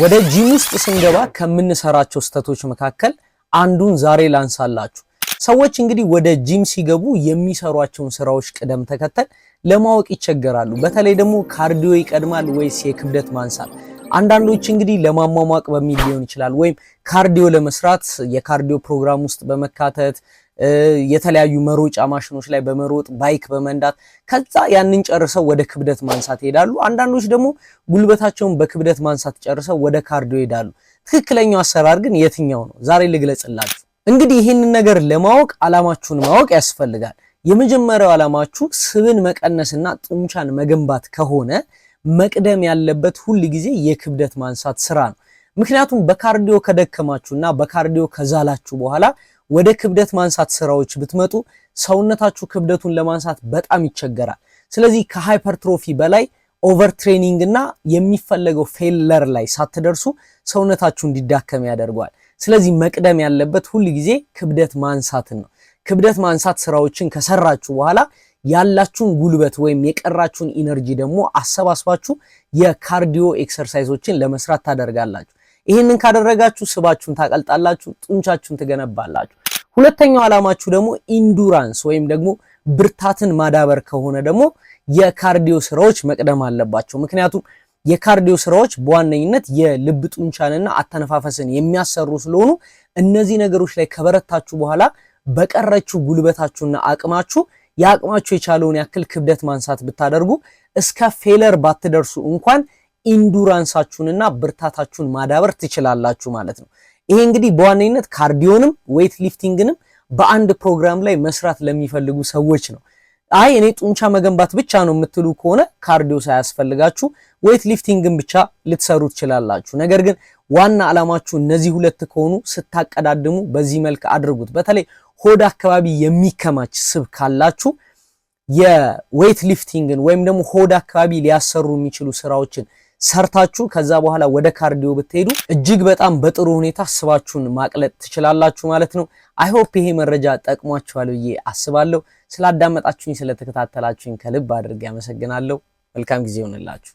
ወደ ጂም ውስጥ ስንገባ ከምንሰራቸው ስህተቶች መካከል አንዱን ዛሬ ላንሳላችሁ። ሰዎች እንግዲህ ወደ ጂም ሲገቡ የሚሰሯቸውን ስራዎች ቅደም ተከተል ለማወቅ ይቸገራሉ። በተለይ ደግሞ ካርዲዮ ይቀድማል ወይስ የክብደት ማንሳት? አንዳንዶች እንግዲህ ለማሟሟቅ በሚል ሊሆን ይችላል፣ ወይም ካርዲዮ ለመስራት የካርዲዮ ፕሮግራም ውስጥ በመካተት የተለያዩ መሮጫ ማሽኖች ላይ በመሮጥ ባይክ በመንዳት ከዛ ያንን ጨርሰው ወደ ክብደት ማንሳት ይሄዳሉ። አንዳንዶች ደግሞ ጉልበታቸውን በክብደት ማንሳት ጨርሰው ወደ ካርዲዮ ይሄዳሉ። ትክክለኛው አሰራር ግን የትኛው ነው? ዛሬ ልግለጽላችሁ። እንግዲህ ይህንን ነገር ለማወቅ አላማችሁን ማወቅ ያስፈልጋል። የመጀመሪያው አላማችሁ ስብን መቀነስና ጡንቻን መገንባት ከሆነ መቅደም ያለበት ሁል ጊዜ የክብደት ማንሳት ስራ ነው። ምክንያቱም በካርዲዮ ከደከማችሁና በካርዲዮ ከዛላችሁ በኋላ ወደ ክብደት ማንሳት ስራዎች ብትመጡ ሰውነታችሁ ክብደቱን ለማንሳት በጣም ይቸገራል። ስለዚህ ከሃይፐርትሮፊ በላይ ኦቨር ትሬኒንግ እና የሚፈለገው ፌለር ላይ ሳትደርሱ ሰውነታችሁ እንዲዳከም ያደርገዋል። ስለዚህ መቅደም ያለበት ሁል ጊዜ ክብደት ማንሳትን ነው። ክብደት ማንሳት ስራዎችን ከሰራችሁ በኋላ ያላችሁን ጉልበት ወይም የቀራችሁን ኢነርጂ ደግሞ አሰባስባችሁ የካርዲዮ ኤክሰርሳይዞችን ለመስራት ታደርጋላችሁ። ይህንን ካደረጋችሁ ስባችሁን ታቀልጣላችሁ፣ ጡንቻችሁን ትገነባላችሁ። ሁለተኛው ዓላማችሁ ደግሞ ኢንዱራንስ ወይም ደግሞ ብርታትን ማዳበር ከሆነ ደግሞ የካርዲዮ ስራዎች መቅደም አለባቸው። ምክንያቱም የካርዲዮ ስራዎች በዋነኝነት የልብ ጡንቻንና አተነፋፈስን የሚያሰሩ ስለሆኑ እነዚህ ነገሮች ላይ ከበረታችሁ በኋላ በቀረችው ጉልበታችሁና አቅማችሁ የአቅማችሁ የቻለውን ያክል ክብደት ማንሳት ብታደርጉ እስከ ፌለር ባትደርሱ እንኳን ኢንዱራንሳችሁንና ብርታታችሁን ማዳበር ትችላላችሁ ማለት ነው። ይሄ እንግዲህ በዋነኝነት ካርዲዮንም ዌይት ሊፍቲንግንም በአንድ ፕሮግራም ላይ መስራት ለሚፈልጉ ሰዎች ነው። አይ እኔ ጡንቻ መገንባት ብቻ ነው የምትሉ ከሆነ ካርዲዮ ሳያስፈልጋችሁ ዌይት ሊፍቲንግን ብቻ ልትሰሩ ትችላላችሁ። ነገር ግን ዋና ዓላማችሁ እነዚህ ሁለት ከሆኑ ስታቀዳድሙ በዚህ መልክ አድርጉት። በተለይ ሆድ አካባቢ የሚከማች ስብ ካላችሁ የዌይት ሊፍቲንግን ወይም ደግሞ ሆድ አካባቢ ሊያሰሩ የሚችሉ ስራዎችን ሰርታችሁ ከዛ በኋላ ወደ ካርዲዮ ብትሄዱ እጅግ በጣም በጥሩ ሁኔታ ስባችሁን ማቅለጥ ትችላላችሁ ማለት ነው። አይሆፕ ይሄ መረጃ ጠቅሟችኋል ብዬ አስባለሁ። ስላዳመጣችሁኝ፣ ስለተከታተላችሁኝ ከልብ አድርጌ አመሰግናለሁ። መልካም ጊዜ ይሆንላችሁ።